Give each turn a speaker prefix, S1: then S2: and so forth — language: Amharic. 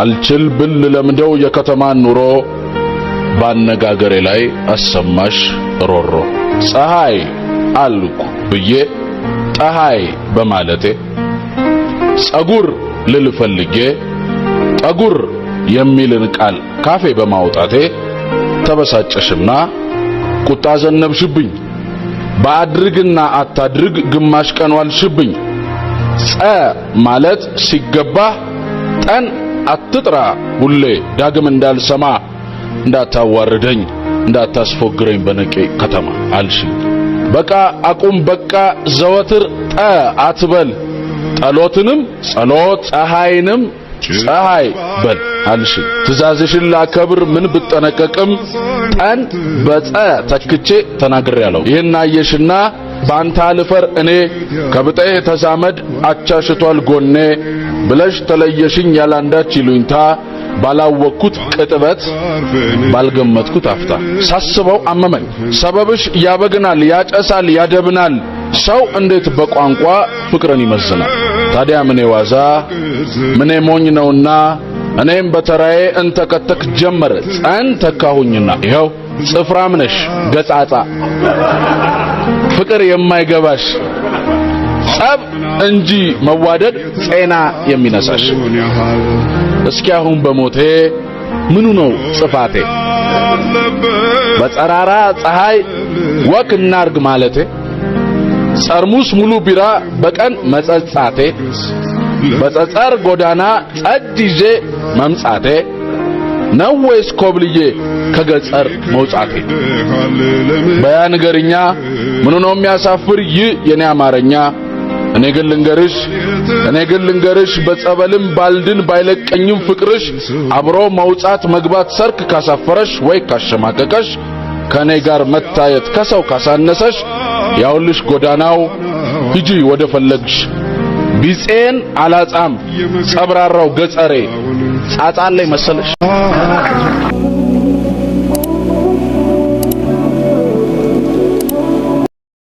S1: አልችል ብል ለምደው የከተማን ኑሮ ባነጋገሬ ላይ አሰማሽ ሮሮ ፀሐይ አልኩ ብዬ ጠሃይ በማለቴ ጸጉር ልልፈልጌ ጠጉር የሚልን ቃል ካፌ በማውጣቴ ተበሳጨሽና ቁጣ ዘነብሽብኝ። በአድርግና አታድርግ ግማሽ ቀን ዋልሽብኝ። ፀ ማለት ሲገባ ጠን አትጥራ ሁሌ ዳግም እንዳልሰማ እንዳታዋርደኝ እንዳታስፎግረኝ በነቄ ከተማ አልሽኝ። በቃ አቁም በቃ ዘወትር ጠ አትበል ጠሎትንም ጸሎት ፀሐይንም ፀሐይ በል አልሽ። ትእዛዝሽን ላከብር ምን ብጠነቀቅም ጠን በፀ ተክቼ ተናግሬያለሁ። ይህን አየሽና ባንታ ልፈር እኔ ከብጤ ተዛመድ አቻሽቷል ጎኔ ብለሽ ተለየሽኝ ያላንዳች ይሉኝታ ባላወቅኩት ቅጥበት ባልገመትኩት አፍታ ሳስበው አመመኝ። ሰበብሽ ያበግናል፣ ያጨሳል፣ ያደብናል። ሰው እንዴት በቋንቋ ፍቅርን ይመዝናል? ታዲያ ምኔ ዋዛ ምኔ ሞኝ ነውና እኔም በተራዬ እንተከተክ ጀመረ ጸን ተካሁኝና ይኸው ጽፍራም ነሽ ገጻጻ ፍቅር የማይገባሽ ጸብ እንጂ መዋደድ ጤና የሚነሳሽ። እስኪ አሁን በሞቴ ምኑ ነው ጽፋቴ? በጠራራ ፀሐይ ወክ እናርግ ማለቴ፣ ጠርሙስ ሙሉ ቢራ በቀን መጸጻቴ፣ በጸጸር ጎዳና ጠድ ይዤ መምጻቴ ነው ወይስ ኮብልዬ ከገጠር መውጣቴ? በያ ንገርኛ ምኑ ነው የሚያሳፍር ይህ የኔ አማርኛ? እኔ ግን ልንገርሽ እኔ ግን ልንገርሽ በጸበልም ባልድን ባይለቀኝም ፍቅርሽ አብሮ መውጣት መግባት ሰርክ ካሳፈረሽ ወይ ካሸማቀቀሽ ከእኔ ጋር መታየት ከሰው ካሳነሰሽ ያውልሽ ጎዳናው ሂጂ ወደ ፈለግሽ ቢጼን አላጻም ጸብራራው ገጸሬ ጻጻን ላይ መሰለሽ